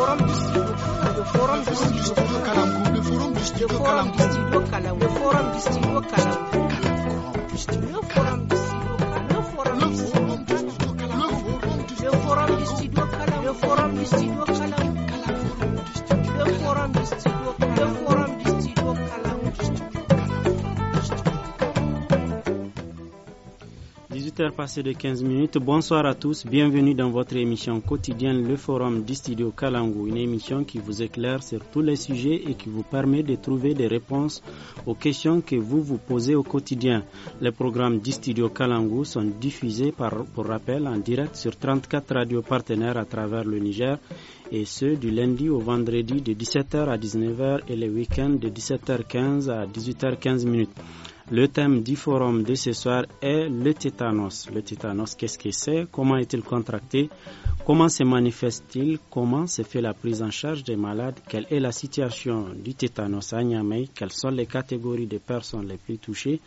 forum forum district kalam forum forum forum forum forum forum de 15 minutes. Bonsoir à tous. Bienvenue dans votre émission quotidienne Le Forum du Studio Kalangou. Une émission qui vous éclaire sur tous les sujets et qui vous permet de trouver des réponses aux questions que vous vous posez au quotidien. Les programmes du Studio Kalangou sont diffusés par, pour rappel en direct sur 34 radios partenaires à travers le Niger et ce du lundi au vendredi de 17h à 19h et les week-ends de 17h15 à 18h15 minutes. Le thème du forum de ce soir est le tétanos. Le tétanos, qu'est-ce que c'est Comment est-il contracté Comment se manifeste-t-il Comment se fait la prise en charge des malades Quelle est la situation du tétanos à Niamey Quelles sont les catégories de personnes les plus touchées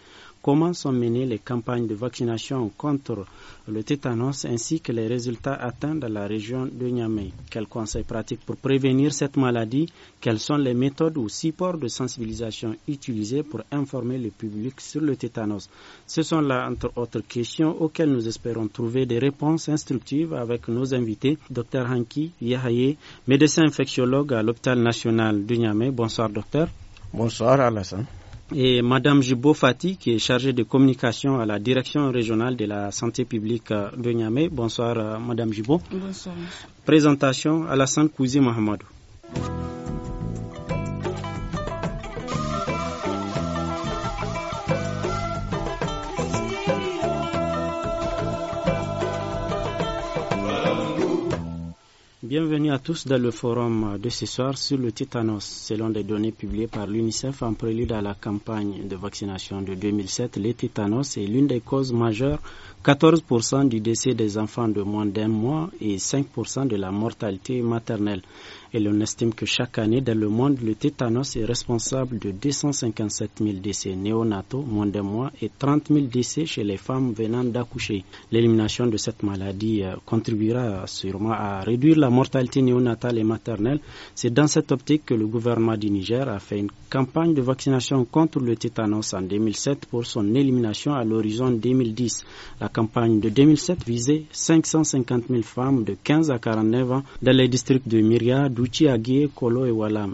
comment sont menées les campagnes de vaccination contre le tétanos ainsi que les résultats atteints dans la région de Niamey. Quels conseils pratiques pour prévenir cette maladie Quelles sont les méthodes ou supports de sensibilisation utilisés pour informer le public sur le tétanos Ce sont là, entre autres questions, auxquelles nous espérons trouver des réponses instructives avec nos invités, Docteur Hanki Yahaye, médecin infectiologue à l'hôpital national de Niamey. Bonsoir, docteur. Bonsoir, Alassane et Madame Jubo Fati, qui est chargée de communication à la direction régionale de la santé publique euh, de Niamey. Bonsoir, euh, Madame Jubo. Bonsoir. Présentation sainte Kouzi Mohamedou. Bienvenue à tous dans le forum de ce soir sur le tétanos. Selon des données publiées par l'UNICEF en prélude à la campagne de vaccination de 2007, le tétanos est l'une des causes majeures. 14% du décès des enfants de moins d'un mois et 5% de la mortalité maternelle. Et l'on estime que chaque année dans le monde, le tétanos est responsable de 257 000 décès néonataux, moins d'un mois, et 30 000 décès chez les femmes venant d'accoucher. L'élimination de cette maladie euh, contribuera sûrement à réduire la mortalité néonatale et maternelle. C'est dans cette optique que le gouvernement du Niger a fait une campagne de vaccination contre le tétanos en 2007 pour son élimination à l'horizon 2010. La campagne de 2007 visait 550 000 femmes de 15 à 49 ans dans les districts de Myriad,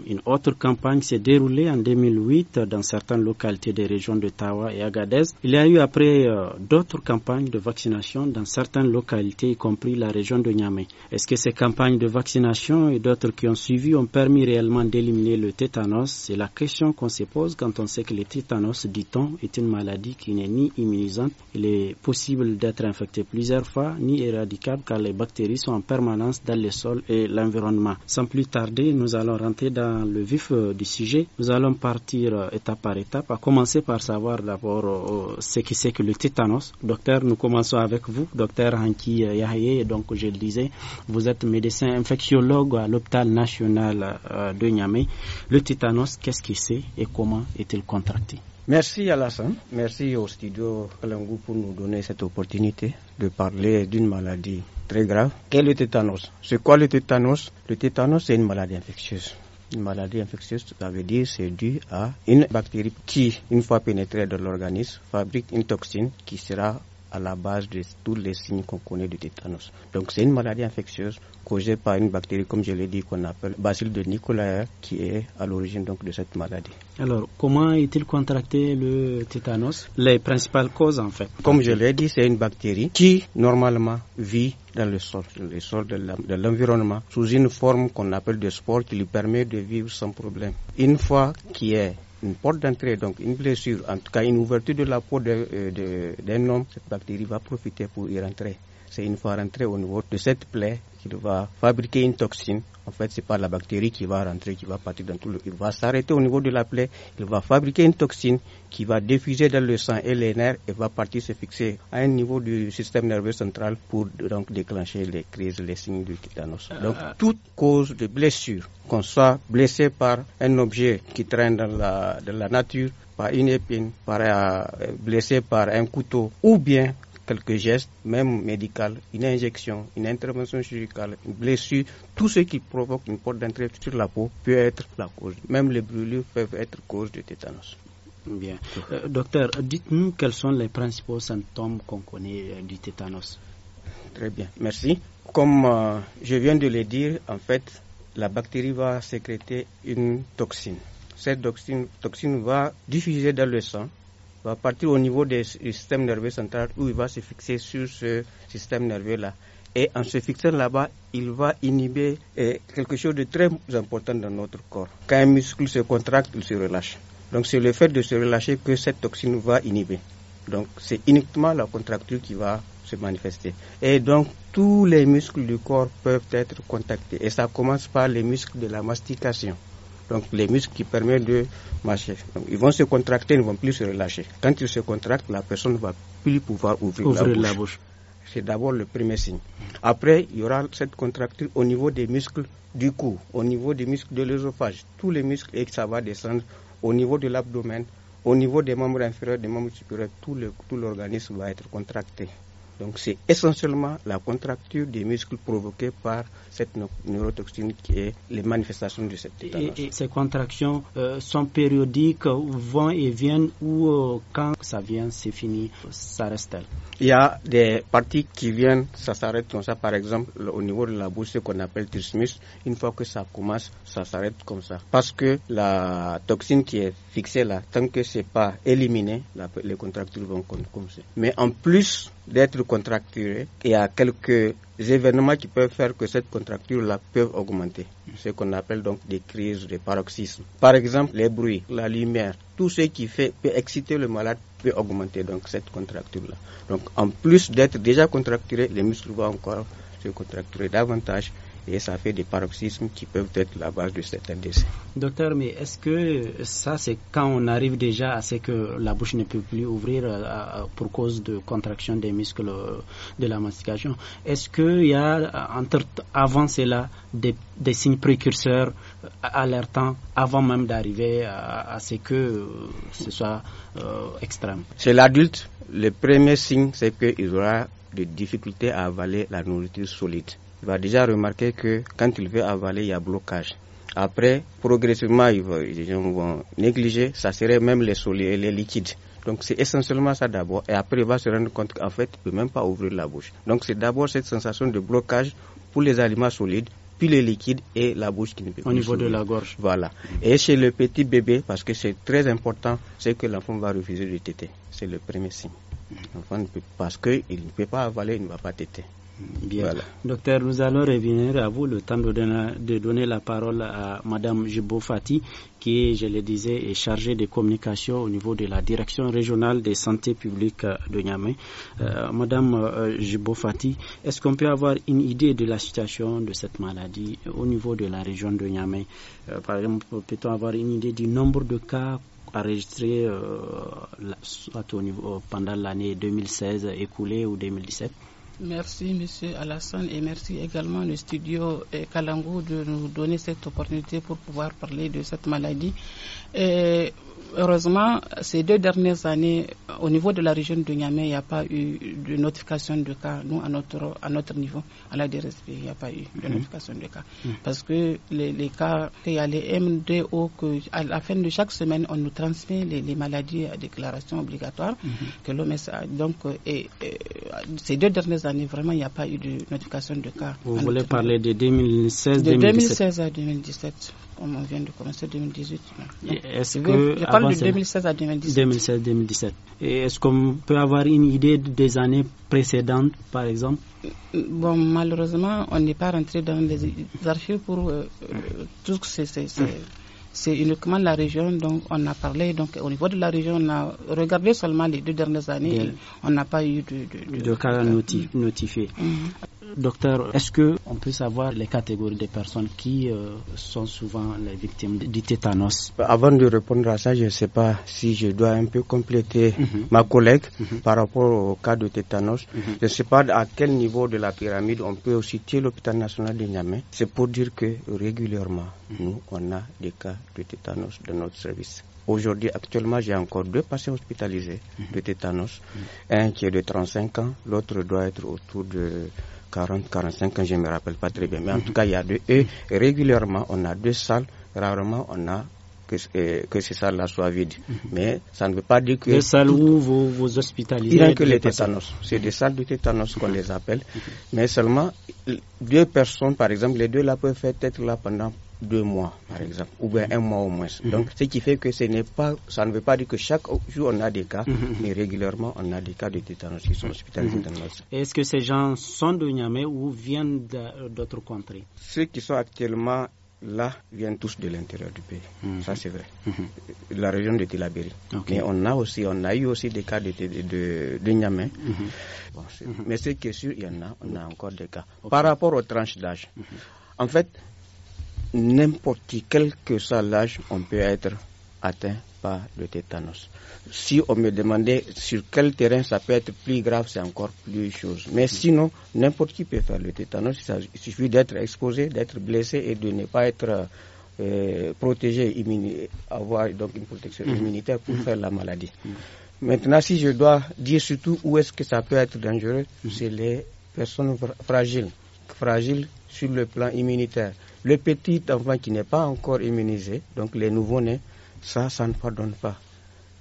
une autre campagne s'est déroulée en 2008 dans certaines localités des régions de Tawa et Agadez. Il y a eu après euh, d'autres campagnes de vaccination dans certaines localités, y compris la région de Niamey. Est-ce que ces campagnes de vaccination et d'autres qui ont suivi ont permis réellement d'éliminer le tétanos C'est la question qu'on se pose quand on sait que le tétanos, dit-on, est une maladie qui n'est ni immunisante. Il est possible d'être infecté plusieurs fois, ni éradicable car les bactéries sont en permanence dans les sols et l'environnement plus tarder, nous allons rentrer dans le vif euh, du sujet. Nous allons partir euh, étape par étape, à commencer par savoir d'abord euh, ce que c'est que le tétanos. Docteur, nous commençons avec vous, docteur Hanki Yahye. Donc, je le disais, vous êtes médecin infectiologue à l'hôpital national de Niamey. Le tétanos, qu'est-ce que c'est et comment est-il contracté Merci Alassane, merci au studio Kalangu pour nous donner cette opportunité de parler d'une maladie très grave est le tétanos. C'est quoi le tétanos Le tétanos, c'est une maladie infectieuse. Une maladie infectieuse, ça veut dire c'est dû à une bactérie qui, une fois pénétrée dans l'organisme, fabrique une toxine qui sera à la base de tous les signes qu'on connaît du tétanos. Donc c'est une maladie infectieuse causée par une bactérie, comme je l'ai dit, qu'on appelle bacille de Nicolas, qui est à l'origine donc de cette maladie. Alors, comment est-il contracté le tétanos Les principales causes, en fait Comme je l'ai dit, c'est une bactérie qui, normalement, vit dans le sol, le sol de l'environnement, sous une forme qu'on appelle de sport, qui lui permet de vivre sans problème. Une fois qu'il est une porte d'entrée, donc une blessure, en tout cas une ouverture de la peau euh, d'un de, homme, cette bactérie va profiter pour y rentrer c'est une fois rentré au niveau de cette plaie qu'il va fabriquer une toxine. En fait, c'est pas la bactérie qui va rentrer, qui va partir dans tout le... Il va s'arrêter au niveau de la plaie, il va fabriquer une toxine qui va diffuser dans le sang et les nerfs et va partir se fixer à un niveau du système nerveux central pour donc déclencher les crises, les signes du tétanos. Euh, donc, toute cause de blessure, qu'on soit blessé par un objet qui traîne dans la, la nature, par une épine, par, euh, blessé par un couteau, ou bien quelques gestes, même médical une injection, une intervention chirurgicale, une blessure, tout ce qui provoque une porte d'entrée sur la peau peut être la cause. Même les brûlures peuvent être cause de tétanos. Bien. Euh, docteur, dites-nous quels sont les principaux symptômes qu'on connaît euh, du tétanos. Très bien, merci. Comme euh, je viens de le dire, en fait, la bactérie va sécréter une toxine. Cette toxine va diffuser dans le sang va partir au niveau du système nerveux central où il va se fixer sur ce système nerveux-là. Et en se fixant là-bas, il va inhiber eh, quelque chose de très important dans notre corps. Quand un muscle se contracte, il se relâche. Donc c'est le fait de se relâcher que cette toxine va inhiber. Donc c'est uniquement la contracture qui va se manifester. Et donc tous les muscles du corps peuvent être contactés. Et ça commence par les muscles de la mastication donc les muscles qui permettent de marcher. ils vont se contracter, ils ne vont plus se relâcher. Quand ils se contractent, la personne ne va plus pouvoir ouvrir, la bouche. C'est d'abord le premier signe. Après, il y aura cette contracture au niveau des muscles du cou, au niveau des muscles de l'œsophage, tous les muscles, et ça va descendre au niveau de l'abdomen, au niveau des membres inférieurs, des membres supérieurs, tout l'organisme va être contracté. Donc c'est essentiellement la contracture des muscles provoquée par cette neurotoxine qui est les manifestations de cette tétanos. Et, ces contractions euh, sont périodiques, vont et viennent, ou euh, quand ça vient, c'est fini, ça reste tel Il y a des parties qui viennent, ça s'arrête comme ça. Par exemple, au niveau de la bouche, qu'on appelle trismus, une fois que ça commence, ça s'arrête comme ça. Parce que la toxine qui est fixée là, tant que c'est pas éliminé, les contractures vont comme ça. Mais en plus, d'être contracturé. Il y a quelques événements qui peuvent faire que cette contracture-là peut augmenter. Ce qu'on appelle donc des crises des paroxysmes. Par exemple, les bruits, la lumière, tout ce qui fait, peut exciter le malade peut augmenter donc cette contracture-là. Donc en plus d'être déjà contracturé, les muscles vont encore se contracturer davantage et ça fait des paroxysmes qui peuvent être la base de certains décès. Docteur, mais est-ce que ça, c'est quand on arrive déjà à ce que la bouche ne peut plus ouvrir euh, pour cause de contraction des muscles euh, de la mastication Est-ce qu'il y a, avant cela, des, signes précurseurs euh, alertants avant même d'arriver à, ce que ce soit extrême Chez l'adulte, le premier signe, c'est qu'il aura des difficultés à avaler la nourriture solide il va déjà remarquer que quand il veut avaler, il y a blocage. Après, progressivement, ils vont, vont négliger, ça serait même les, solides, les liquides. Donc c'est essentiellement ça d'abord, et après il va se rendre compte qu'en fait, il ne peut même pas ouvrir la bouche. Donc c'est d'abord cette sensation de blocage pour les aliments solides, puis les liquides et la bouche qui ne peut Au niveau de la gorge. Voilà. Et chez le petit bébé, parce que c'est très important, c'est que l'enfant va refuser de téter. C'est le premier signe. L'enfant ne peut, parce qu'il ne peut pas avaler, il ne va pas téter. Bien. Docteur, nous allons revenir à vous le temps de donner, la parole à Madame Jibo Fati, qui, je le disais, est chargée de communication au niveau de la direction régionale des santé publique de Niamey. Euh, Madame euh, Jibo Fati, est-ce qu'on peut avoir une idée de la situation de cette maladie au niveau de la région de Niamey euh, Par exemple, peut-on avoir une idée du nombre de cas enregistrés euh, soit au niveau, pendant l'année 2016 écoulée ou 2017 Merci, Monsieur Alassane, et merci également le studio eh, Kalango de nous donner cette opportunité pour pouvoir parler de cette maladie. Eh, heureusement, ces deux dernières années, euh, au niveau de la région de Niamey, il n'y a pas eu de notification de cas. Nous, à notre, à notre niveau, à la DRSP, il n'y a pas eu de mm. notification de cas. Mm. Parce que les, cas, il y a les MDO, que, à la fin de chaque semaine, on nous transmet les, maladies à déclaration obligatoire mm-hmm. que l'OMS Donc, euh, et, euh, ces deux dernières années, vraiment, il n'y a pas eu de notification de cas. Vous voulez parler de 2016-2017 De 2016 à 2017 on vient de commencer 2018. Est-ce de 2016 à 2017. Et est-ce qu'on peut avoir une idée des années précédentes, par exemple Bon, malheureusement, on n'est pas rentré dans les archives pour euh, euh, tout ce que c'est. uniquement la région, donc on a parlé, donc au niveau de la région, on a regardé seulement les deux dernières années, et on n'a pas eu de, de, cas notifiés. Mm-hmm. Docteur, est-ce que on peut savoir les catégories des personnes qui euh, sont souvent les victimes du tétanos Avant de répondre à ça, je ne sais pas si je dois un peu compléter mhm. ma collègue mhm. par rapport au cas de tétanos. Mhm. Je ne sais pas à quel niveau de la pyramide on peut situer l'hôpital national de Niamey. C'est pour dire que régulièrement, nous, on a des cas de tétanos dans notre service. Aujourd'hui, actuellement, j'ai encore deux patients hospitalisés de tétanos, un qui est de 35 ans, l'autre doit être autour de 40, 45 ans, je ne me rappelle pas très bien. Mais en tout cas, il y a deux. Et régulièrement, on a deux salles. Rarement, on a que, euh, que ces salles-là soient vides. Mhm. Mais ça ne veut pas dire que... Les salles où vous, vous hospitalisez... Rien que les tétanos. C'est des salles de tétanos qu'on les mhm. appelle. Mhm. Mais seulement, deux personnes, par exemple, les deux-là peuvent être là pendant deux mois, par exemple, ou bien un mois au moins. Mhm. Donc, ce qui fait que ce n'est pas, ça ne veut pas dire que chaque jour on a des cas, mhm, mhm. mais régulièrement on a des cas de tétanos qui sont hospitalisés Est-ce que ces gens sont de Niamey ou viennent d'autres contrées Ceux qui sont actuellement là viennent tous de l'intérieur du pays. Ça, c'est vrai. La région de Tilaberi. Mais on a aussi, on a eu aussi des cas de, de, Niamey. mais Bon, mais c'est que sûr, il y en a, on a encore des cas. Par rapport aux tranches d'âge, en fait, n'importe qui, quel que soit l'âge, on peut être atteint par le tétanos. Si on me demandait sur quel terrain ça peut être plus grave, c'est encore plus chose. Mais hmm. sinon, n'importe qui peut faire le tétanos. Il suffit d'être exposé, d'être blessé et de ne pas être euh, protégé, avoir donc une protection hmm. immunitaire pour hmm. faire la maladie. Maintenant, si je dois dire surtout où est-ce que ça peut être dangereux, c'est les personnes fragiles. Fragiles sur le plan immunitaire. Le petit enfant qui n'est pas encore immunisé, donc les nouveau-nés, ça, ça ne pardonne pas.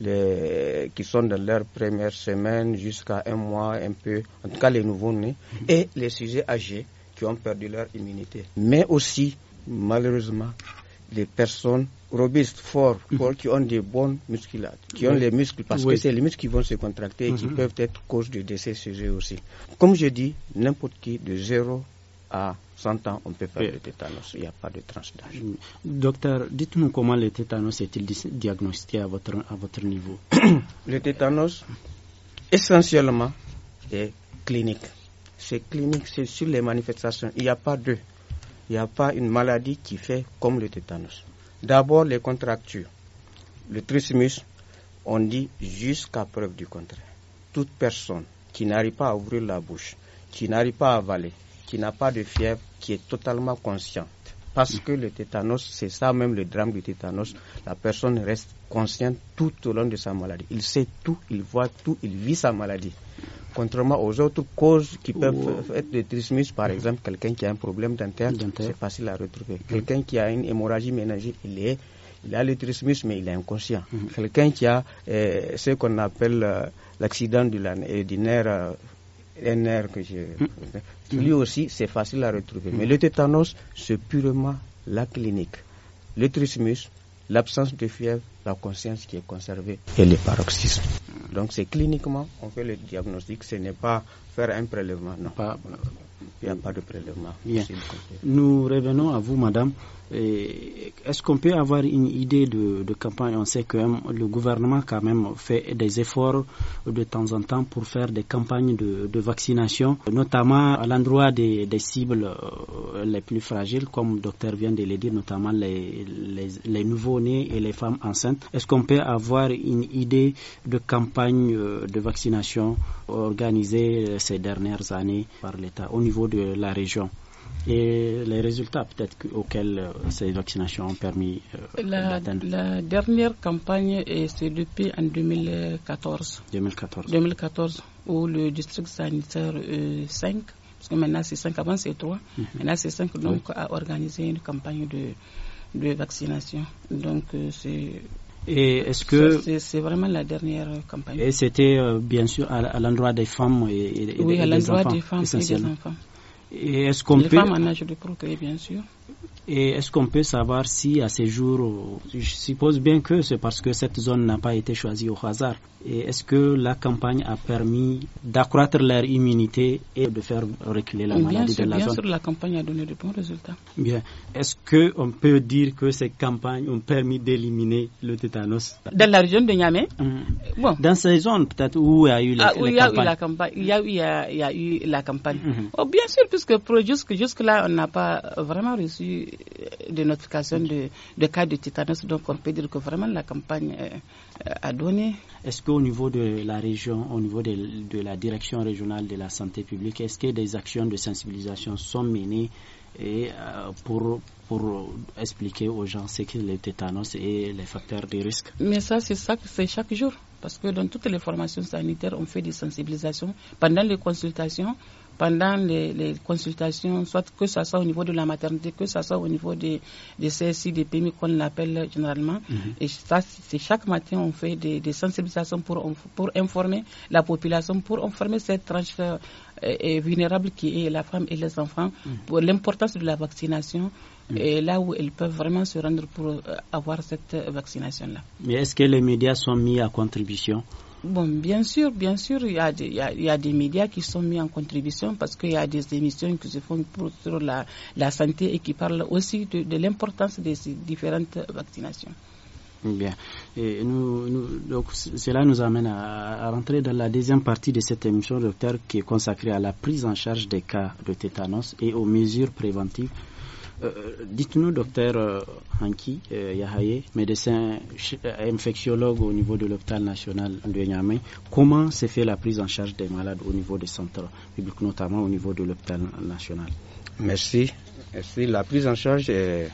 Les, qui sont dans leur première semaine jusqu'à un mois, un peu, en tout cas les nouveau-nés, mhm. et les sujets âgés qui ont perdu leur immunité. Mais aussi, malheureusement, les personnes robustes, fortes, mhm. qui ont des bonnes musculates qui ont les muscles, parce que c'est les muscles qui vont se contracter et qui mhm. peuvent être cause de décès sujets aussi. Comme je dis, n'importe qui, de 0 à 100 ans, on peut faire le tétanos. Il n'y a pas de tranche mm. Docteur, dites-nous comment le tétanos est-il diagnostiqué à votre, à votre niveau Le tétanos, essentiellement, est clinique. C'est clinique, c'est sur les manifestations. Il n'y a pas deux. Il n'y a pas une maladie qui fait comme le tétanos. D'abord, les contractures. Le trismus, on dit jusqu'à preuve du contraire. Toute personne qui n'arrive pas à ouvrir la bouche, qui n'arrive pas à avaler, qui n'a pas de fièvre, qui est totalement consciente. Parce que le tétanos, c'est ça même le drame du tétanos. La personne reste consciente tout au long de sa maladie. Il sait tout, il voit tout, il vit sa maladie. Contrairement aux autres causes qui peuvent être le trismus, par exemple, quelqu'un qui a un problème dentaire, c'est facile à retrouver. Quelqu'un qui a une hémorragie ménagée, il est il a le trismus, mais il est inconscient. Mm. Quelqu'un qui a euh, ce qu'on appelle euh, l'accident du, euh, nerf que j'ai. Mm. Lui mm. aussi, c'est facile à retrouver. Mm. Mais le tétanos, c'est purement la clinique. Le trismus, l'absence de fièvre, la conscience qui est conservée et les paroxysmes. Donc c'est cliniquement, on fait le diagnostic, ce n'est pas faire un prélèvement, non. Pas, nous revenons à vous, madame. Est-ce qu'on peut avoir une idée de, campagne On sait que hein, le gouvernement, quand même, fait des efforts de temps en temps pour faire des campagnes de, vaccination, notamment à l'endroit des, cibles euh, les plus fragiles, comme le docteur vient de le dire, notamment les, les, les nouveau-nés et les femmes enceintes. Est-ce qu'on peut avoir une idée de campagne euh, de vaccination organisé euh, ces dernières années par l'État au niveau de la région et les résultats peut-être auxquels euh, ces vaccinations ont permis euh, la, dernière campagne, c'est depuis en 2014. 2014. 2014, où le district sanitaire 5, parce que maintenant c'est 5, avant c'est 3, mhm. maintenant c'est 5, donc a organisé une campagne de, de vaccination. Donc c'est et est-ce que c'est vraiment la dernière campagne Et c'était euh, bien sûr à, l'endroit des femmes et, des enfants. oui, à l'endroit des femmes Et des enfants. Et est-ce qu'on peut femmes en âge de procréer, bien sûr. Et est-ce qu'on peut savoir si à ces jours, je suppose bien que c'est parce que cette zone n'a pas été choisie au hasard. Et est-ce que la campagne a permis d'accroître leur immunité et de faire reculer la maladie de la bien zone Bien sûr, la campagne a donné de bons résultats. Bien. Est-ce qu'on peut dire que ces campagnes ont permis d'éliminer le tétanos Dans la région de Niamey hum. Dans ces zones peut-être où il y a eu ah, la, campagne où il y a eu la campagne. Il y a eu, la campagne. Oh, bien sûr, puisque jusque-là, on n'a pas vraiment reçu de notification de, de, cas de tétanos. Donc on peut dire que vraiment la campagne euh, a donné. Est-ce qu'au niveau de la région, au niveau de, la direction régionale de la santé publique, est-ce que des actions de sensibilisation sont menées et euh, pour, pour expliquer aux gens ce qu'est le tétanos et les facteurs de risque. Mais ça, c'est ça, que c'est chaque jour. Parce que dans toutes les formations sanitaires, on fait des sensibilisations. Pendant les consultations, pendant les, les consultations, soit que ce soit au niveau de la maternité, que ce soit au niveau des, des CSI, des PMI qu'on l'appelle généralement. Mhm. Et ça, c'est chaque matin, on fait des, des, sensibilisations pour, pour informer la population, pour informer cette tranche euh, vulnérable qui est la femme et les enfants, mhm. pour l'importance de la vaccination mhm. et là où elles peuvent vraiment se rendre pour euh, avoir cette euh, vaccination-là. Mais est-ce que les médias sont mis à contribution Bon, bien sûr, bien sûr, il y, a des, médias qui sont mis en contribution parce qu'il y a des émissions qui se font pour, sur la, santé et qui parlent aussi de, l'importance des différentes vaccinations. Bien. donc, cela nous amène à, à, rentrer dans la deuxième partie de cette émission, docteur, qui est consacrée à la prise en charge des cas de tétanos et aux mesures préventives euh, dites-nous, docteur euh, Hanki euh, Yahaye, médecin infectiologue au niveau de l'hôpital national de Niamey, comment s'est fait la prise en charge des malades au niveau des centres publics, notamment au niveau de l'hôpital national Merci. Merci. La prise en charge est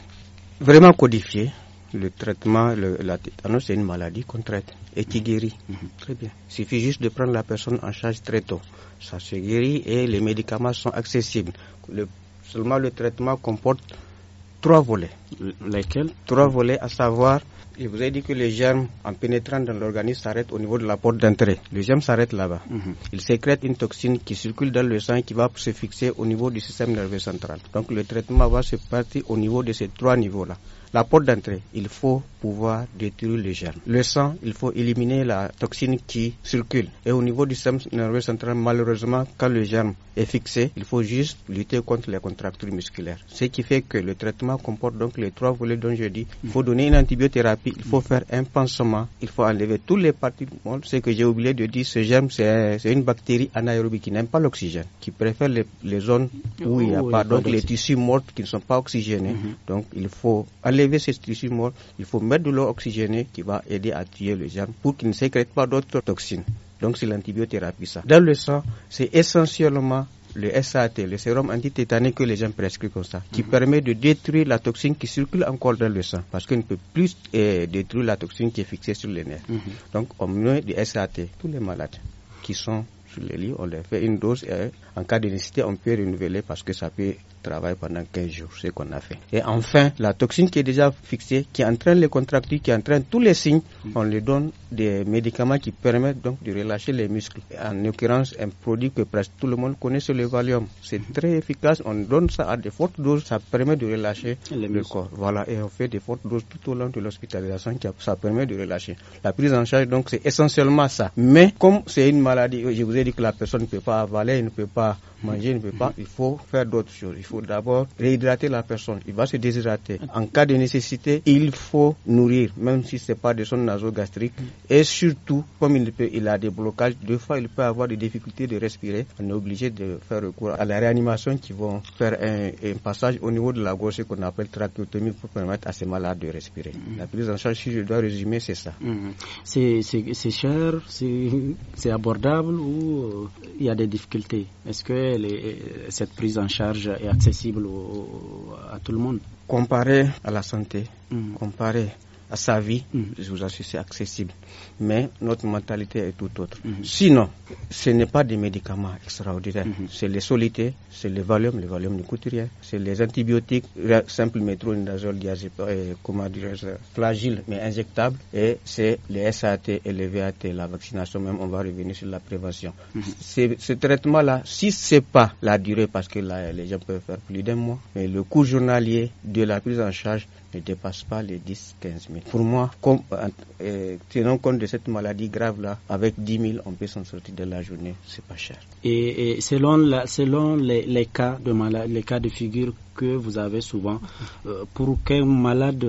vraiment codifiée. Le traitement, le, la c'est une maladie qu'on traite et qui guérit. Mhm. Très bien. Il suffit juste de prendre la personne en charge très tôt. Ça se guérit et les médicaments sont accessibles. Le Seulement le traitement comporte trois volets. Lesquels Trois volets, à savoir, je vous ai dit que les germes, en pénétrant dans l'organisme, s'arrêtent au niveau de la porte d'entrée. Les germes s'arrêtent là-bas. Mhm. Ils sécrètent une toxine qui circule dans le sang et qui va se fixer au niveau du système nerveux central. Donc le traitement va se partir au niveau de ces trois niveaux-là la porte d'entrée, il faut pouvoir détruire le germe. Le sang, il faut éliminer la toxine qui circule. Et au niveau du système nerveux central, malheureusement, quand le germe est fixé, il faut juste lutter contre les contractures musculaires. Ce qui fait que le traitement comporte donc les trois volets dont je dis. Il faut donner une antibiothérapie, il faut faire un pansement, il faut enlever tous les parties du Ce que j'ai oublié de dire, ce germe, c'est une bactérie anaérobie qui n'aime pas l'oxygène, qui préfère les, zones où il n'y a pas, donc les tissus morts qui ne sont pas oxygénés. Mhm. Donc il faut aller ces tissus morts, il faut mettre de l'eau oxygénée qui va aider à tuer le germe pour qu'il ne sécrète pas d'autres toxines. Donc c'est l'antibiothérapie ça. Dans le sang, c'est essentiellement le SAT, le sérum antitétanique que les gens prescrivent comme ça, qui mhm. permet de détruire la toxine qui circule encore dans le sang, parce qu'on ne peut plus eh, détruire la toxine qui est fixée sur les nerfs. Mhm. Donc on met du SAT, tous les malades qui sont sur les lits, on leur fait une dose et en cas de nécessité, on peut renouveler parce que ça peut travail pendant 15 jours, ce qu'on a fait. Et enfin, la toxine qui est déjà fixée, qui entraîne les contractures, qui entraîne tous les signes, mm. on lui donne des médicaments qui permettent donc de relâcher les muscles. En l'occurrence, un produit que presque tout le monde connaît, c'est le Valium. C'est mm. très efficace, on donne ça à des fortes doses, ça permet de relâcher le corps. Voilà, et on fait des fortes doses tout au long de l'hospitalisation, ça permet de relâcher. La prise en charge, donc, c'est essentiellement ça. Mais comme c'est une maladie, je vous ai dit que la personne ne peut pas avaler, ne peut pas manger, ne peut pas, mm. il faut faire d'autres choses. Il faut faut d'abord réhydrater la personne. Il va se déshydrater. En cas de nécessité, il faut nourrir, même si ce n'est pas de son nasogastrique. Et surtout, comme il, peut, il a des blocages, deux fois il peut avoir des difficultés de respirer. On est obligé de faire recours à la réanimation qui vont faire un, passage au niveau de la gorge qu'on appelle trachéotomie pour permettre à ces malades de respirer. Mm-hmm. La prise en charge, si je dois résumer, c'est ça. Mm-hmm. C'est cher, c'est abordable ou euh, il y a des difficultés Est-ce que euh, cette prise en charge est accessible accessible au, à tout le monde. Comparé à la santé, mmh. comparé sa vie, mhm. je vous assure, c'est accessible. Mais notre mentalité est tout autre. Mhm. Sinon, ce n'est pas des médicaments extraordinaires. Mhm. C'est les solités, c'est les valium, les valium ne C'est les antibiotiques, euh, simple métronidazole, diazépam, euh, comment mais injectable. Et c'est les SAT et les VAT, la vaccination même, on va revenir sur la prévention. Ce traitement-là, si n'est pas la durée, parce que là, les gens peuvent faire plus d'un mois, mais le coût journalier de la prise en charge, ne dépasse pas les 10-15 000. Pour moi, comme, euh, euh, tenant compte de cette maladie grave-là, avec 10 000, on peut s'en sortir de la journée, c'est pas cher. Et, selon, la, selon les, cas de malade, les cas de figure que vous avez souvent, euh, pour qu'un malade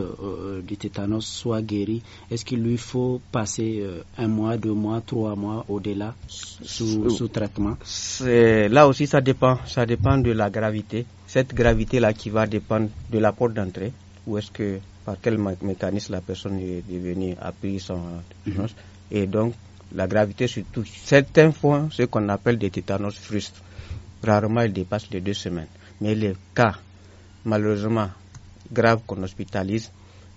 du tétanos soit guéri, est-ce qu'il lui faut passer un mois, deux mois, trois mois au-delà sous, sous traitement Là aussi, ça dépend. Ça dépend de la gravité. Cette gravité-là qui va dépendre de la porte d'entrée ou est-ce que, par quel mécanisme la personne est devenue, appuyée son mhm. Et donc, la gravité surtout, certains fois, ce qu'on appelle des tétanos frustres, Rarement, ils dépassent les deux semaines. Mais les cas, malheureusement, graves qu'on hospitalise,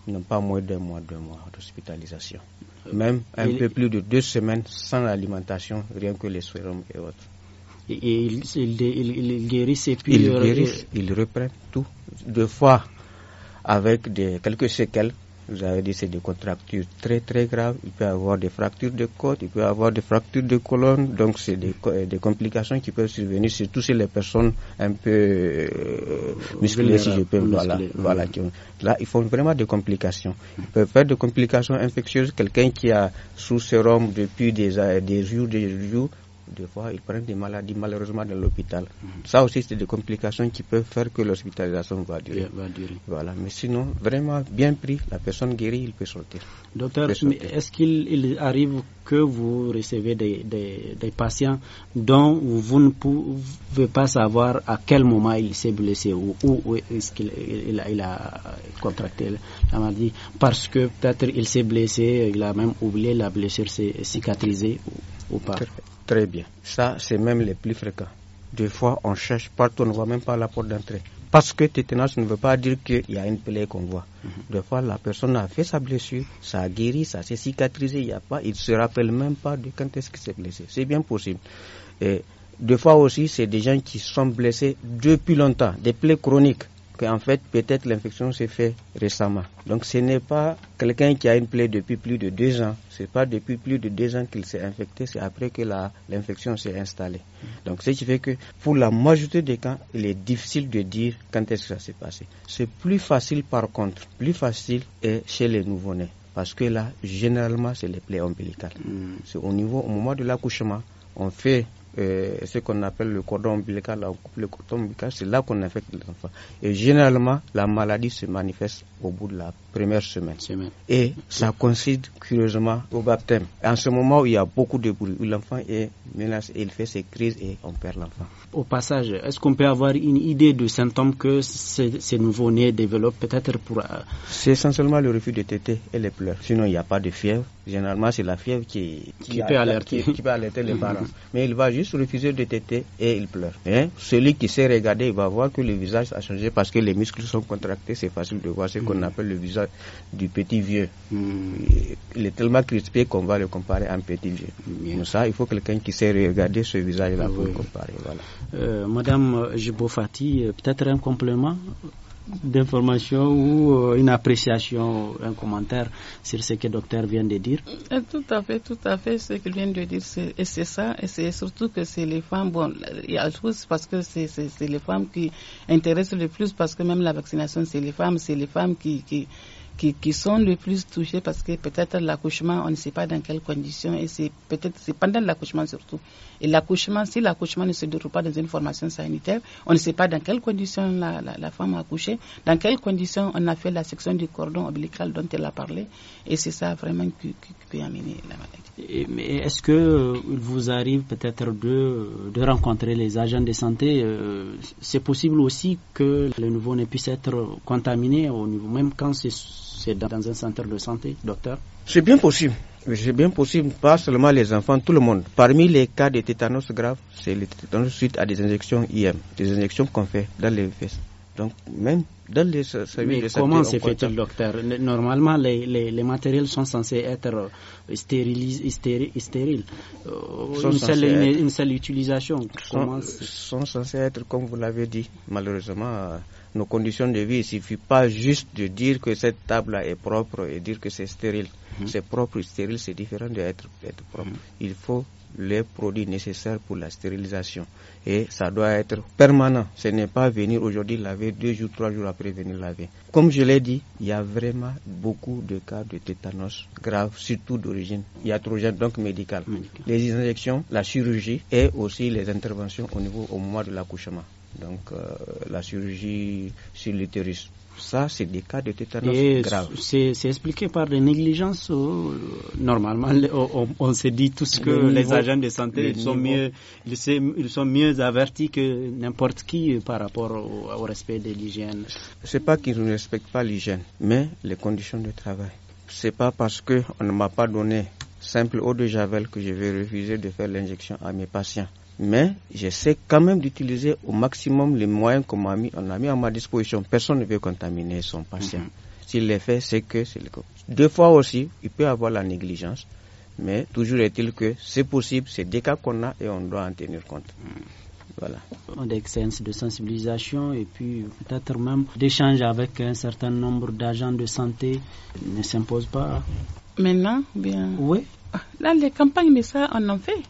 n'ont pas moins d'un mois, deux mois d'hospitalisation. Euh, Même un peu plus de deux semaines sans alimentation, rien que les sérums et autres. Et, ils il, guérissent et puis ils, guérissent, ils reprennent tout. Deux fois, avec des, quelques séquelles. Vous avez dit c'est des contractures très très graves. Il peut y avoir des fractures de côte, il peut y avoir des fractures de colonne. Donc c'est des, euh, des, complications qui peuvent survenir surtout chez les personnes un peu euh, musclées, si je peux. Voilà, voilà. Là, ils font vraiment des complications. Ils peuvent faire des complications infectieuses. Quelqu'un qui a sous sérum depuis des, des jours, des jours, des fois, ils prennent des maladies malheureusement dans l'hôpital. Ça aussi, c'est des complications qui peuvent faire que l'hospitalisation va durer. Voilà. Mais sinon, vraiment bien pris, la personne guérie, il peut sortir. Docteur, est-ce qu'il arrive que vous recevez des, des, des, patients dont vous ne pouvez pas savoir à quel moment il s'est blessé ou où est-ce qu'il il a, contracté la maladie parce que peut-être il s'est blessé, il a même oublié la blessure s'est cicatrisée ou, pas. Très bien. Ça, c'est même les plus fréquents. Des fois, on cherche partout, on ne voit même pas la porte d'entrée. Parce que tétanos ne veut pas dire qu'il y a une plaie qu'on voit. Mhm. Des fois, la personne a fait sa blessure, ça a guéri, ça s'est cicatrisé, il y a pas, il se rappelle même pas de quand est-ce qu'il s'est blessé. C'est bien possible. Et des fois aussi, c'est des gens qui sont blessés depuis longtemps, des plaies chroniques en fait, peut-être l'infection s'est faite récemment. Donc, ce n'est pas quelqu'un qui a une plaie depuis plus de deux ans. Ce n'est pas depuis plus de deux ans qu'il s'est infecté, c'est après que l'infection s'est installée. Donc, ce qui fait que pour la majorité des cas, il est difficile de dire quand est-ce que ça s'est passé. C'est plus facile, par contre, plus facile est chez les nouveau-nés. Parce que là, généralement, c'est les plaies ombilicales. Mm. C'est au niveau, au moment de l'accouchement, on fait euh, ce qu'on appelle le cordon ombilical, le cordon ombilical, c'est là qu'on infecte l'enfant. Et généralement, la maladie se manifeste au bout de la Semaine. Et ça coïncide curieusement au baptême. En ce moment où il y a beaucoup de bruit, où l'enfant est menacé, il fait ses crises et on perd l'enfant. Au passage, est-ce qu'on peut avoir une idée du symptôme que ces, nouveaux-nés développent peut-être pour... Euh, c'est essentiellement le refus de téter et les pleurs. Sinon, il n'y a pas de fièvre. Généralement, c'est la fièvre qui, qui, peut alerter. qui, peut alerter les parents. Mais il va juste refuser de téter et il pleure. Hein? Celui qui sait regarder, il va voir que le visage a changé parce que les muscles sont contractés. C'est facile de voir ce qu'on mm. appelle le visage du petit vieux. Hmm. Il est tellement crispé qu'on va le comparer à un petit vieux. ça, il faut quelqu'un qui sait regarder ce visage-là pour le comparer. Voilà. Euh, Madame Jibofati, peut-être un complément d'information ou euh, une appréciation, un commentaire sur ce que le docteur vient de dire euh, Tout à fait, tout à fait. Ce qu'il vient de dire, c'est ça. Et c'est surtout que c'est les femmes, bon, il y a chose parce que c'est les femmes qui intéressent le plus parce que même la vaccination, c'est les femmes, c'est les femmes qui qui, sont le plus touchés parce que peut-être l'accouchement, on ne sait pas dans quelles conditions et c'est peut-être c'est pendant l'accouchement surtout. Et l'accouchement, si l'accouchement ne se déroule pas dans une formation sanitaire, on ne sait pas dans quelles conditions la, la, femme a accouché, dans quelles conditions on a fait la section du cordon ombilical dont elle a parlé et c'est ça vraiment qui, peut amener la maladie. Mais est-ce que euh, il vous arrive peut-être de, de rencontrer les agents de santé euh, C'est possible aussi que le nouveau ne puisse être contaminé au niveau même quand c'est c'est dans, un centre de santé, docteur C'est bien possible. C'est bien possible, pas seulement les enfants, tout le monde. Parmi les cas de tétanos grave, c'est le tétanos suite à des injections IM, des injections qu'on fait dans les fesses. Donc, même dans les services Mais comment c'est fait-il, docteur Normalement, les, les, matériels sont censés être euh, stériles. Euh, stérile Une, seule, utilisation. sont, censés être, comme vous l'avez dit, malheureusement, euh, nos conditions de vie. Il ne suffit pas juste de dire que cette table-là est propre et dire que c'est stérile. Mhm. C'est propre, et stérile, c'est différent d'être être propre. Mhm. Il faut les produits nécessaires pour la stérilisation. Et ça doit être permanent. Ce n'est pas venir aujourd'hui laver, deux jours, trois jours après venir laver. Comme je l'ai dit, il y a vraiment beaucoup de cas de tétanos graves, surtout d'origine iatrogène, donc médicale. Médical. Les injections, la chirurgie et aussi les interventions au niveau au moment de l'accouchement. Donc euh, la chirurgie sur l'utérus, ça c'est des cas de tétanos grave. C'est expliqué par des négligences. Euh, normalement, on, se dit tous que les agents de santé ils sont, mieux, avertis que n'importe qui par rapport au, respect de l'hygiène. C'est pas qu'ils ne respectent pas l'hygiène, mais les conditions de travail. C'est pas parce qu'on ne m'a pas donné simple eau de javel que je vais refuser de faire l'injection à mes patients mais j'essaie quand même d'utiliser au maximum les moyens qu'on m'a mis, on a mis à ma disposition. Personne ne veut contaminer son patient. Mhm. S'il les fait, c'est que c'est le cas. Deux fois aussi, il peut avoir la négligence, mais toujours est-il que c'est possible, c'est des cas qu'on a et on doit en tenir compte. Mm -hmm voilà. Des séances de sensibilisation et puis peut-être même d'échanges avec un certain nombre d'agents de santé ne s'impose pas. Maintenant, bien. Oui. Là, les campagnes, de ça, on en fait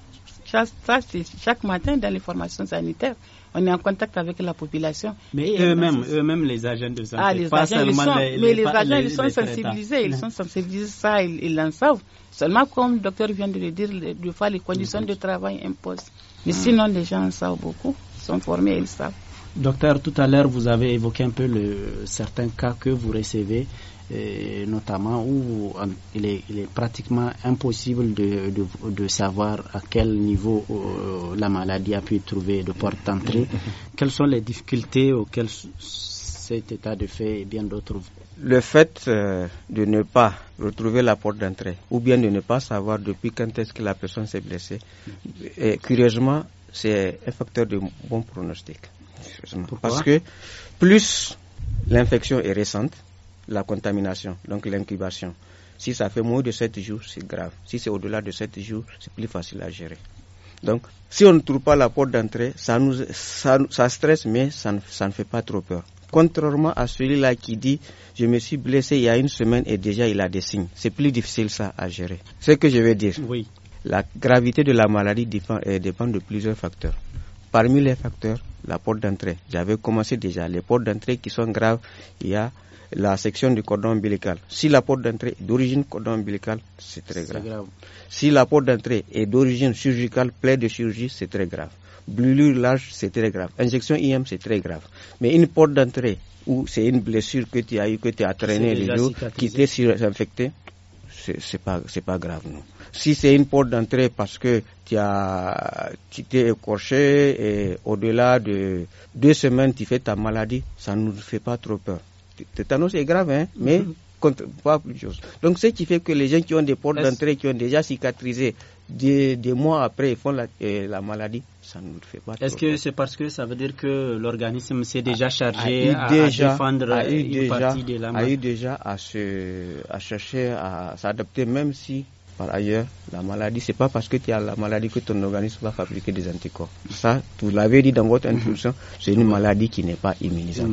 chaque matin dans les formations sanitaires. On est en contact avec la population. Mais eux-mêmes, les agents de santé. Ah, les agents, ils sont, mais les, agents, ils sont sensibilisés. Ils sont sensibilisés, ça, ils, l'en savent. Seulement, comme le docteur vient de le dire, des fois, les conditions de travail imposent. Mais ah. sinon, les gens en savent beaucoup. Ils sont formés, ils savent. Docteur, tout à l'heure, vous avez évoqué un peu le, certains cas que vous recevez et notamment où il est, pratiquement impossible de, de, savoir à quel niveau euh, la maladie a pu trouver de porte d'entrée. Quelles sont les difficultés auxquelles cet état de fait et bien d'autres le fait euh, de ne pas retrouver la porte d'entrée ou bien de ne pas savoir depuis quand est-ce que la personne s'est blessée, et, curieusement, c'est un facteur de bon pronostic. Parce que plus l'infection est récente, la contamination, donc l'incubation. Si ça fait moins de 7 jours, c'est grave. Si c'est au-delà de 7 jours, c'est plus facile à gérer. Donc, si on ne trouve pas la porte d'entrée, ça, ça, stresse, mais ça ne, fait pas trop peur. Contrairement à celui-là qui dit je me suis blessé il y a une semaine et déjà il a des signes. C'est plus difficile ça à gérer. Ce que je veux dire, oui. la gravité de la maladie dépend, euh, dépend de plusieurs facteurs. Parmi les facteurs, la porte d'entrée. J'avais commencé déjà. Les portes d'entrée qui sont graves, il y a la section du cordon ombilical. Si la porte d'entrée est d'origine cordon ombilical, c'est très grave. Si la porte d'entrée est d'origine chirurgicale, plaie de chirurgie, c'est très grave. Brûlure large, c'est très grave. Injection IM, c'est très grave. Mais une porte d'entrée où c'est une blessure que tu as eu, que tu as traîné les jours, qui t'est infectée, c'est pas pas grave non. Si c'est une porte d'entrée parce que tu as tu t'es écorché et au-delà de deux semaines tu fais ta maladie, ça ne nous fait pas trop peur tétanos est grave, hein, mais mhm. contre pas plus choses. Donc, ce qui fait que les gens qui ont des portes d'entrée qui ont déjà cicatrisé des, mois après, ils font la, euh, la maladie. Ça ne fait pas. Est-ce que c'est parce que ça veut dire que l'organisme s'est déjà chargé à, défendre une partie de la maladie A eu déjà à, se, à chercher à s'adapter, même si par ailleurs, la maladie, c'est pas parce que tu as la maladie que ton organisme va fabriquer des anticorps. Ça, vous l'avez dit dans votre mhm. introduction, c'est une maladie qui n'est pas immunisante.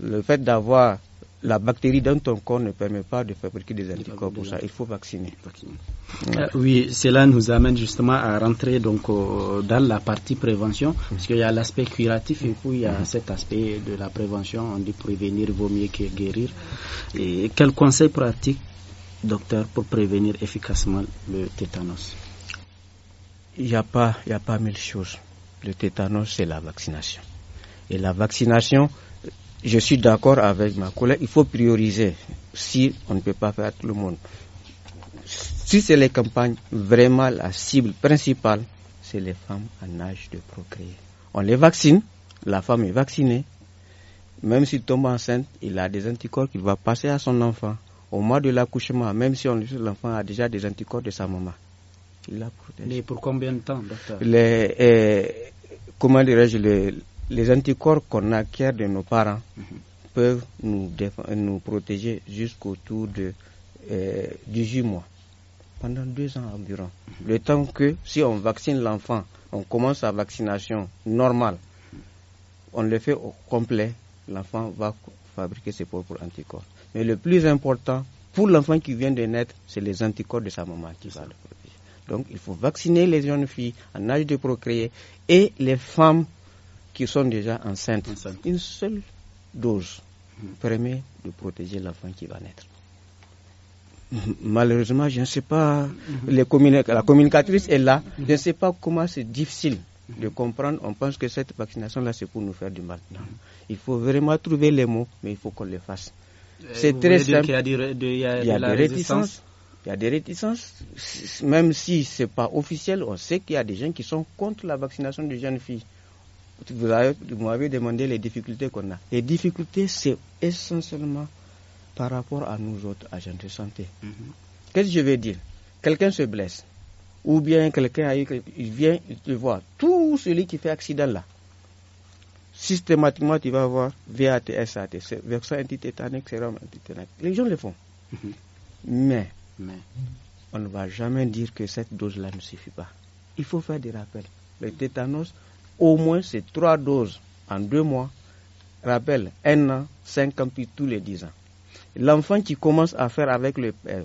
Le fait d'avoir la bactérie dans ton corps ne permet pas de fabriquer des anticorps. Pour ça, il faut vacciner. Euh, oui, cela nous amène justement à rentrer donc dans la partie prévention, parce qu'il y a l'aspect curatif et puis il y a cet aspect de la prévention. On dit prévenir vaut mieux que guérir. Et quel conseil pratique, docteur, pour prévenir efficacement le tétanos Il n'y a pas, il y a pas mille choses. Le tétanos, c'est la vaccination. Et la vaccination, je suis d'accord avec ma collègue, il faut prioriser si on ne peut pas faire à tout le monde. Si c'est les campagnes, vraiment la cible principale, c'est les femmes en âge de procréer. On les vaccine, la femme est vaccinée. Même s'il tombe enceinte, il a des anticorps qu'il va passer à son enfant. Au mois de l'accouchement, même si l'enfant a déjà des anticorps de sa maman. Il la protège. Mais pour combien de temps, docteur eh, Comment dirais-je les anticorps qu'on acquiert de nos parents mhm. peuvent nous, nous protéger tour de euh, 18 mois, pendant deux ans environ. Mhm. Le temps que, si on vaccine l'enfant, on commence sa vaccination normale, on le fait au complet, l'enfant va fabriquer ses propres anticorps. Mais le plus important pour l'enfant qui vient de naître, c'est les anticorps de sa maman qui va le protéger. Donc il faut vacciner les jeunes filles en âge de procréer et les femmes qui sont déjà enceintes, une seule dose mhm. permet de protéger l'enfant qui va naître. Malheureusement, je ne sais pas, mhm. les la communicatrice est là, je ne mhm. sais pas comment c'est difficile de comprendre, on pense que cette vaccination-là, c'est pour nous faire du mal. Il faut vraiment trouver les mots, mais il faut qu'on les fasse. Euh, c'est très simple. Il y a, a des réticences. Il y a des réticences. Même si ce n'est pas officiel, on sait qu'il y a des gens qui sont contre la vaccination des jeunes filles vous, m'avez demandé les difficultés qu'on a. Les difficultés, c'est essentiellement par rapport à nous autres agents de santé. Mhm. Qu'est-ce que je veux dire Quelqu'un se blesse, ou bien quelqu'un il vient, il te voit. Tout celui qui fait accident là, systématiquement, tu vas avoir VAT, SAT, vaccin antitétanique, sérum antitétanique. Les gens le font. Mhm. Mais, Mais, on ne va jamais dire que cette dose-là ne suffit pas. Il faut faire des rappels. Le tétanos, au moins ces trois doses en deux mois, rappel, un an, cinq ans, puis tous les dix ans. L'enfant qui commence à faire avec le père,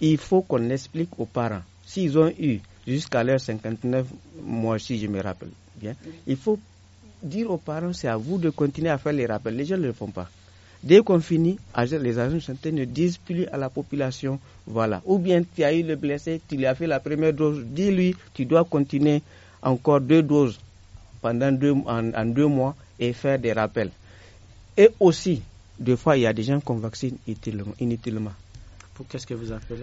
il faut qu'on explique aux parents, s'ils ont eu jusqu'à l'heure 59 mois, si je me rappelle bien, il faut dire aux parents, c'est à vous de continuer à faire les rappels. Les gens ne le font pas. Dès qu'on finit, ah, les agents de santé ne disent plus à la population, voilà. Ou bien tu as eu le blessé, tu lui as fait la première dose, dis-lui, tu dois continuer encore deux doses pendant deux, en, deux mois et faire des rappels. Et aussi, des fois, il y a des gens qu'on vaccine inutilement. Pour qu'est-ce que vous appelez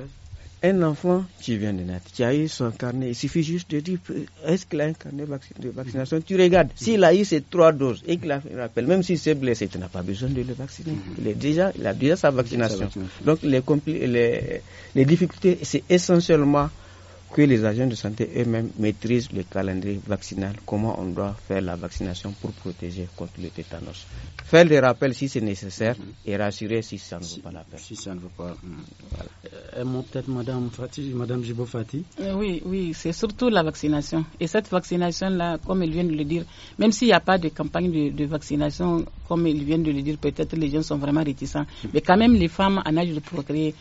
Un enfant qui vient de naître, qui a eu son carnet, il suffit juste de dire est-ce qu'il a un carnet de vaccination Tu regardes, s'il a eu ses trois doses et qu'il a fait un rappel, même s'il s'est blessé, tu n'as pas besoin de le vacciner. Mhm. Il, est déjà, il a déjà sa vaccination. Donc, les, les, les difficultés, c'est essentiellement que les agents de santé eux-mêmes maîtrisent le calendrier vaccinal, comment on doit faire la vaccination pour protéger contre le tétanos. Faire des rappels si c'est nécessaire et rassurer si ça ne vaut pas la peine. Si ça ne vaut pas. Hmm, voilà. Euh, peut-être Madame Madame Jibo Fatih. Euh, oui, oui, c'est surtout la vaccination. Et cette vaccination-là, comme il vient de le dire, même s'il n'y a pas de campagne de, de vaccination, comme il vient de le dire, peut-être les gens sont vraiment réticents. Mais quand même, les femmes en âge de procréer,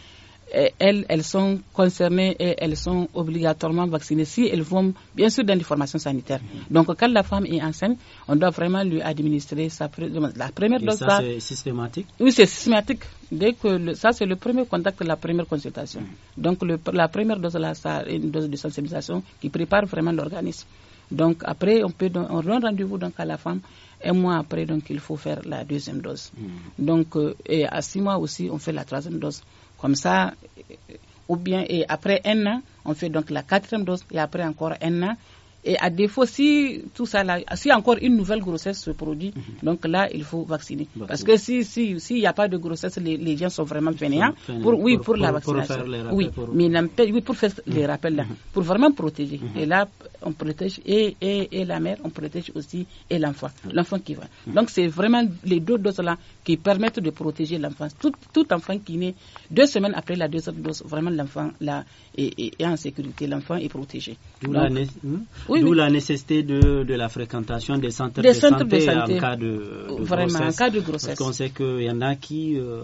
elles, elles sont concernées et elles sont obligatoirement vaccinées si elles vont, bien sûr, dans les formations sanitaires. Mhm. Donc, quand la femme est enceinte, on doit vraiment lui administrer sa, la première dose. Ça, c'est systématique Oui, c'est systématique. Dès que ça, c'est le premier contact, la première consultation. Mhm. Donc, la première dose, là, une dose de sensibilisation qui prépare vraiment l'organisme. Donc, après, on peut on rend rendez-vous donc à la femme. Un mois après, donc, il faut faire la deuxième dose. Mhm. Donc, euh, et à six mois aussi, on fait la troisième dose. Comme ça, ou bien, et après un an, on fait donc la quatrième dose, et après encore un an, et à défaut, si tout ça, si encore une nouvelle grossesse se produit, mhm. donc là, il faut vacciner. Parce que si s'il n'y a pas de grossesse, les, gens sont vraiment fainéants. Pour, oui, pour, la vaccination. Pour oui, mais oui, pour faire mhm. les rappels là, mhm. pour vraiment protéger. Et là, on protège et, et, et, la mère, on protège aussi et l'enfant, l'enfant qui va. Donc c'est vraiment les deux doses là qui permettent de protéger l'enfant. Tout, tout, enfant qui naît deux semaines après la deuxième dose, vraiment l'enfant est, en sécurité, l'enfant est protégé. D'où la nécessité de, de, la fréquentation des centres, de, santé en cas de, grossesse. En cas de grossesse. Parce qu'on sait qu'il y en a qui, euh,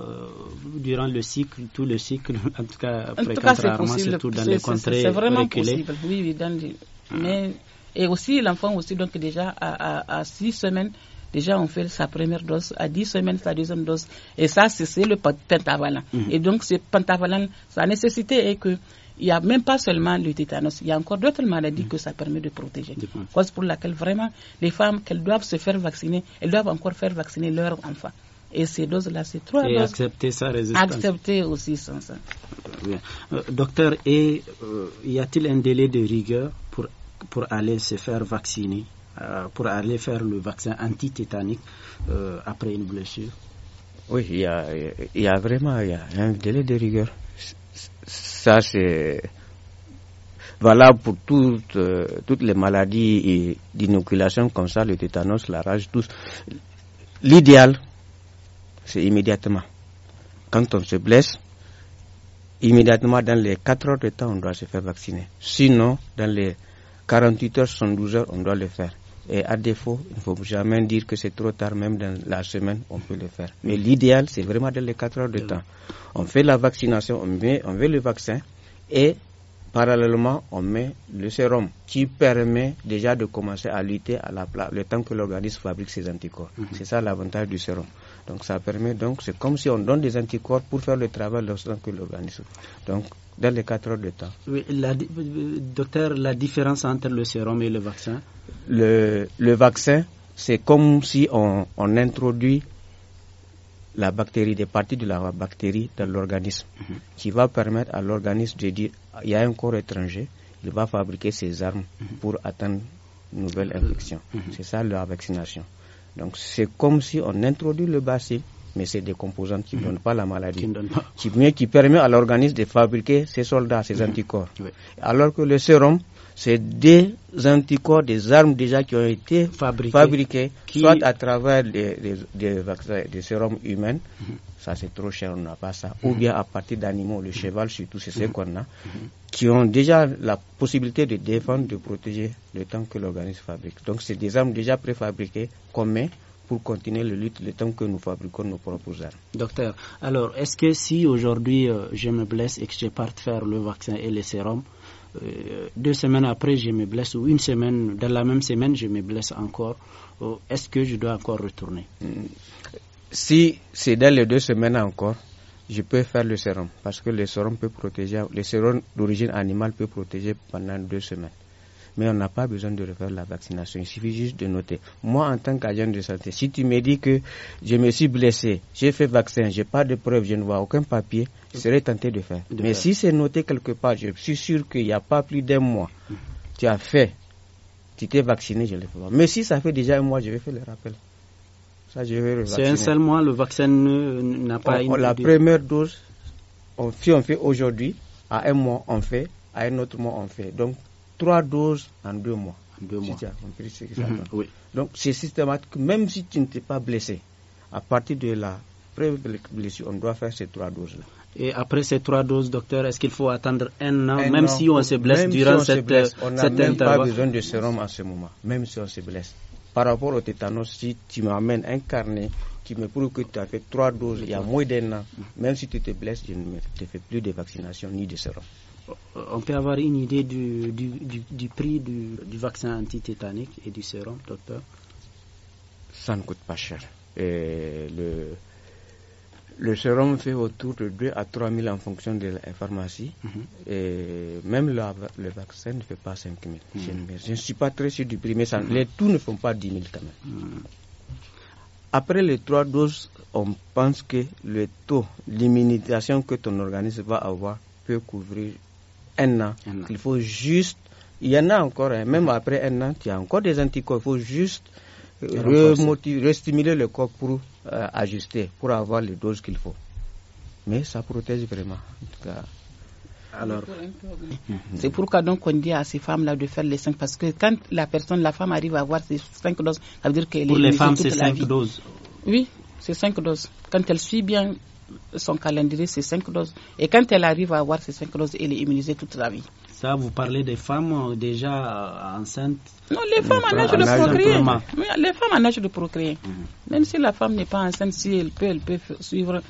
durant le cycle, tout le cycle, en tout cas, fréquentement, tout rarement, surtout dans les contrées C'est vraiment reculées. Possible. Oui, oui, dans ah. Mais, et aussi, l'enfant aussi, donc déjà, à 6 semaines, déjà on fait sa première dose, à 10 semaines sa deuxième dose. Et ça, c'est le pentavalent. Mhm. Et donc, ce pentavalent, sa nécessité est que il n'y a même pas seulement le tétanos, il y a encore d'autres maladies que ça permet de protéger. Cause pour laquelle vraiment les femmes, qu'elles doivent se faire vacciner, elles doivent encore faire vacciner leurs enfants. Et ces doses-là, c'est trois et accepter sa résistance. Accepter aussi sans ça. Euh, docteur, et euh, y a-t-il un délai de rigueur pour, pour aller se faire vacciner, euh, pour aller faire le vaccin anti-tétanique après une blessure Oui, il y a, y a, vraiment y a un délai de rigueur ça c'est valable pour toutes, euh, toutes les maladies et d'inoculation comme ça, le tétanos, la rage, tous. L'idéal, c'est immédiatement. Quand on se blesse, immédiatement dans les 4 heures de temps, on doit se faire vacciner. Sinon, dans les 48 heures, 72 heures, on doit le faire. Et à défaut, il ne faut jamais dire que c'est trop tard, même dans la semaine, on peut le faire. Mais l'idéal, c'est vraiment dans les 4 heures de temps. On fait la vaccination, on met, on le vaccin et parallèlement, on met le sérum qui permet déjà de commencer à lutter à la le temps que l'organisme fabrique ses anticorps. Mhm. C'est ça l'avantage du sérum. Donc ça permet, donc c'est comme si on donne des anticorps pour faire le travail sang que l'organisme. Donc dans les 4 heures de temps. Euh, docteur, la différence entre le sérum et le vaccin Le, vaccin, c'est comme si on, on, introduit la bactérie, des parties de la bactérie dans l'organisme, mhm. qui va permettre à l'organisme de dire il y a un corps étranger, il va fabriquer ses armes mhm. pour atteindre une nouvelle infection. Mhm. C'est ça la vaccination. Donc c'est comme si on introduit le bacille, mais c'est des composantes qui ne mm. donnent pas la maladie, qui, qui, permet à l'organisme de fabriquer ses soldats, ses mm. anticorps. Alors que le sérum, c'est des anticorps, des armes déjà qui ont été fabriquées, fabriquées soit à travers des, des, vaccins, des sérums humains, mhm. ça c'est trop cher, on n'a pas ça, ou mhm. bien à partir d'animaux, le cheval surtout, c'est ce mhm. qu'on a, qui ont déjà la possibilité de défendre, de protéger le temps que l'organisme fabrique. Donc c'est des armes déjà préfabriquées qu'on met pour continuer la lutte le temps que nous fabriquons nos propres armes. Docteur, alors est-ce que si aujourd'hui euh, je me blesse et que je parte faire le vaccin et les sérums, euh, deux semaines après, je me blesse, ou une semaine, dans la même semaine, je me blesse encore. Euh, est-ce que je dois encore retourner hmm. Si c'est dans les deux semaines encore, je peux faire le sérum, parce que le sérum peut protéger, le sérum d'origine animale peut protéger pendant deux semaines mais on n'a pas besoin de refaire la vaccination. Il suffit juste de noter. Moi, en tant qu'agent de santé, si tu me dis que je me suis blessé, j'ai fait vaccin, j'ai pas de preuve, je ne vois aucun papier, je serais tenté de faire. mais si c'est noté quelque part, je suis sûr qu'il n'y a pas plus d'un mois, tu as fait, tu t'es vacciné, je le fais Mais si ça fait déjà un mois, je vais faire le rappel. C'est un seul mois, le vaccin n'a pas une La première dose, si on fait aujourd'hui, à un mois on fait, à un autre mois on fait. Donc trois doses en deux mois. Donc, c'est systématique. Même si tu ne t'es pas blessé, à partir de la preuve blessure, on doit faire ces trois doses Et après ces trois doses, docteur, est-ce qu'il faut attendre un an, même si on se blesse durant euh, cette, on cette n'a pas besoin de sérum à ce moment, même si on se blesse. Par rapport au tétanos, si tu m'amènes un carnet qui me prouve que tu as fait trois doses il y a mhm. moins d'un an, même si tu te blesses, je ne te fais plus de vaccination ni de sérum on peut avoir une idée du, du, prix du, vaccin anti-tétanique et du sérum, docteur Ça ne coûte pas cher. le, le sérum fait autour de 2 à 3 000 en fonction de la pharmacie. Mhm. Et même le vaccin ne fait pas 5 000. Mhm. Je ne suis pas très sûr du prix, mais ça, les mhm. tout ne font pas 10 000 quand même. Après les trois doses, on pense que le taux d'immunisation que ton organisme va avoir peut couvrir un an. Il faut juste, il y en a encore, hein. même après un an, il y a encore des anticorps. Il faut juste euh, restimuler le corps pour euh, ajuster, pour avoir les doses qu'il faut. Mais ça protège vraiment. En tout cas, alors, mhm. c'est pourquoi donc on dit à ces femmes-là de faire les 5 parce que quand la personne, la femme arrive à avoir ces 5 doses, ça veut dire qu'elle est Pour les femmes, c'est 5 doses. Oui, c'est 5 doses. Quand elle suit bien son calendrier, c'est 5 doses. Et quand elle arrive à avoir ces 5 doses, elle est immunisée toute sa vie. Ça, vous parlez des femmes euh, déjà euh, enceintes Non, les femmes en âge de procréer. les femmes en âge de procréer. Même si la femme n'est pas enceinte, si elle peut, elle peut suivre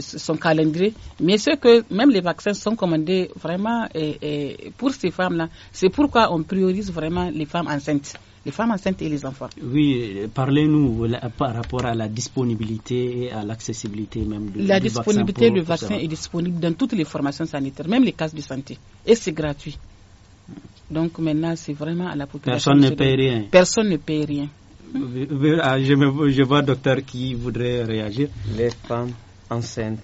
son calendrier. Mais ce que même les vaccins sont commandés vraiment pour ces femmes-là. C'est pourquoi on priorise vraiment les femmes enceintes les femmes enceintes et les enfants. Oui, parlez-nous par rapport à la disponibilité et à l'accessibilité même de La disponibilité, du le vaccin est disponible dans toutes les formations sanitaires, même les cases de santé. Et c'est gratuit. Donc maintenant, c'est vraiment à la population. Personne ne paye rien. Personne ne paye rien. Ah, je, vois un docteur qui voudrait réagir. Les femmes enceintes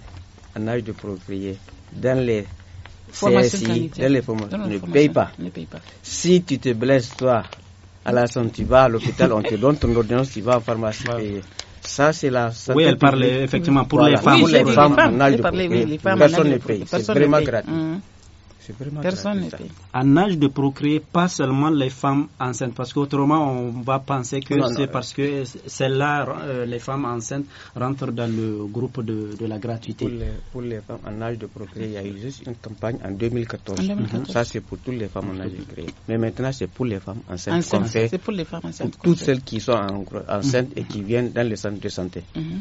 en âge de procréer dans les CSI, dans les formations, ne, payent pas. pas. Si tu te blesses, toi, à la santé, tu vas à l'hôpital, on te donne ton ordonnance, tu vas en pharmacie. Et ça, c'est la santé. Oui, elle parle effectivement pour les femmes. pour les, femmes, les femmes, les, femmes, femmes, personne ne paye. C'est vraiment gratuit. Hein. Personne En âge de procréer, pas seulement les femmes enceintes, parce qu'autrement on va penser que c'est parce que celles-là, euh, les femmes enceintes, rentrent dans le groupe de, la gratuité. Pour les, femmes en âge de procréer, il y a eu juste une campagne en 2014. Ça, c'est pour toutes les femmes en âge de procréer. Mais maintenant, c'est pour les femmes enceintes. c'est pour les femmes enceintes. toutes celles qui sont enceintes et qui viennent dans les centres de santé. Mhm.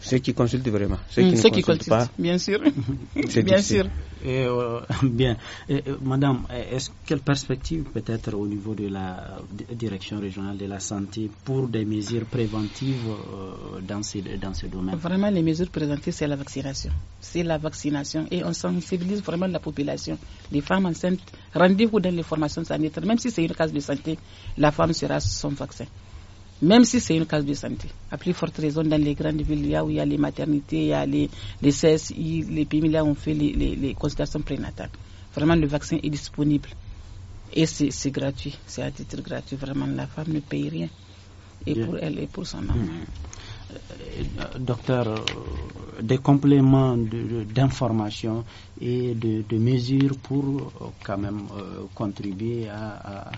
Ceux qui consultent vraiment. Ceux qui hmm, ne consultent, pas. Bien sûr. bien sûr. Euh, bien. Euh, madame, est-ce quelle perspective peut-être au niveau de la direction régionale de la santé pour des mesures préventives euh, dans, ces, dans ce domaine Vraiment, les mesures présentées, c'est la vaccination. C'est la vaccination. Et on sensibilise vraiment la population. Les femmes enceintes, rendez-vous dans les formations sanitaires. Même si c'est une case de santé, la femme sera sans vaccin même si c'est une case de santé. À plus forte raison, dans les grandes villes, là où il y a les maternités, il y a les, les CSI, les pays là où fait les, consultations prénatales. Vraiment, le vaccin est disponible. Et c'est gratuit, c'est à titre gratuit. Vraiment, la femme ne paye rien. Et pour elle et pour son enfant. Hmm. Euh, docteur, euh, des compléments d'informations et de, mesures pour euh, quand même contribuer à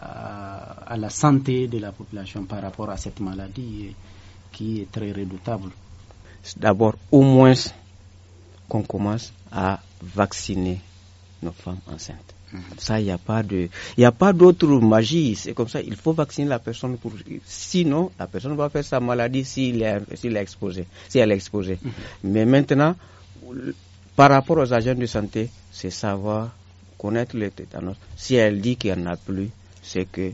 à, la santé de la population par rapport à cette maladie qui est très redoutable. D'abord, au moins qu'on commence à vacciner nos femmes enceintes. Mhm. Ça, il n'y a pas de, il a pas d'autre magie. C'est comme ça, il faut vacciner la personne sinon, la personne va faire sa maladie s'il est, est exposé, si elle est exposée. Mhm. Mais maintenant, par rapport aux agents de santé, c'est savoir connaître le tétanos. Si elle dit qu'il n'y en a plus, c'est que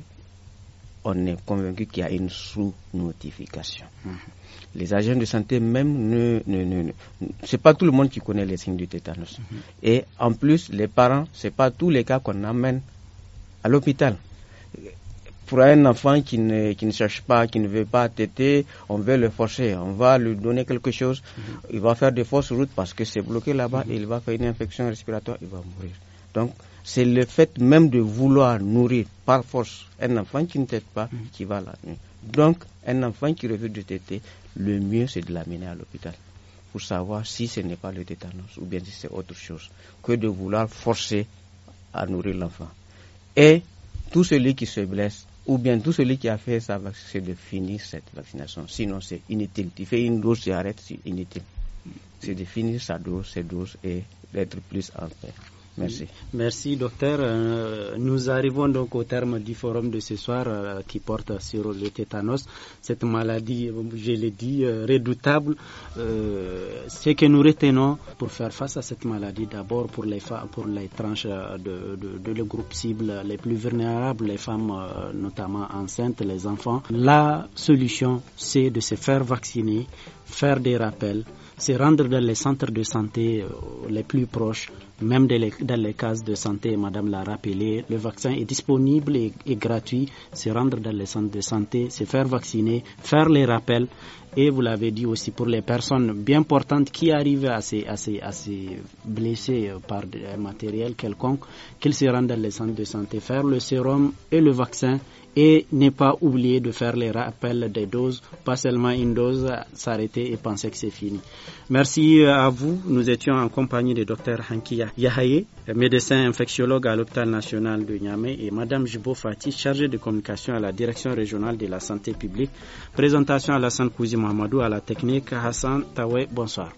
on est convaincu qu'il y a une sous-notification. Mhm. Les agents de santé même ne, ne, c'est pas tout le monde qui connaît les signes du tétanos. Mhm. Et en plus, les parents, c'est pas tous les cas qu'on amène à l'hôpital. Pour un enfant qui ne, cherche pas, qui ne veut pas téter, on veut le forcer, on va lui donner quelque chose, mhm. il va faire des fausses routes parce que c'est bloqué là-bas, il va faire une infection respiratoire, il va mourir. Donc, c'est le fait même de vouloir nourrir par force un enfant qui ne tète pas mm. qui va la nuit. Donc, un enfant qui refuse de têter, le mieux c'est de l'amener à l'hôpital pour savoir si ce n'est pas le tétanos ou bien si c'est autre chose que de vouloir forcer à nourrir l'enfant. Et tout celui qui se blesse ou bien tout celui qui a fait vaccination, c'est de finir cette vaccination. Sinon, c'est inutile. Tu fais une dose, tu arrêtes, c'est inutile. Mm. C'est de finir sa dose, ses doses et d'être plus en paix. Merci. Merci, docteur. Euh, nous arrivons donc au terme du forum de ce soir euh, qui porte sur le tétanos, cette maladie, je l'ai dit, euh, redoutable. Ce que nous retenons pour faire face à cette maladie, d'abord pour les, pour les tranches de, de le groupe cible les plus vulnérables, les femmes notamment enceintes, les enfants, la solution, c'est de se faire vacciner, faire des rappels, se rendre dans les centres de santé les plus proches même dans les, dans cases de santé, Madame l'a rappelé, le vaccin est disponible et, gratuit. Se rendre dans les centres de santé, se faire vacciner, faire les rappels. Et vous l'avez dit aussi pour les personnes bien portantes qui arrivent à se, à blesser par des matériels quelconque, qu'ils se rendent dans les centres de santé, faire le sérum et le vaccin et n'est pas oublier de faire les rappels des doses, pas seulement une dose, s'arrêter et penser que c'est fini. Merci à vous. Nous étions en compagnie du docteur Hankiya Yahaye, médecin infectiologue à l'hôpital national de Niamey, et Madame Jibo Fati, chargée de communication à la direction régionale de la santé publique. Présentation à la Sainte-Cousine Mamadou à la technique. Hassan Tawe, bonsoir.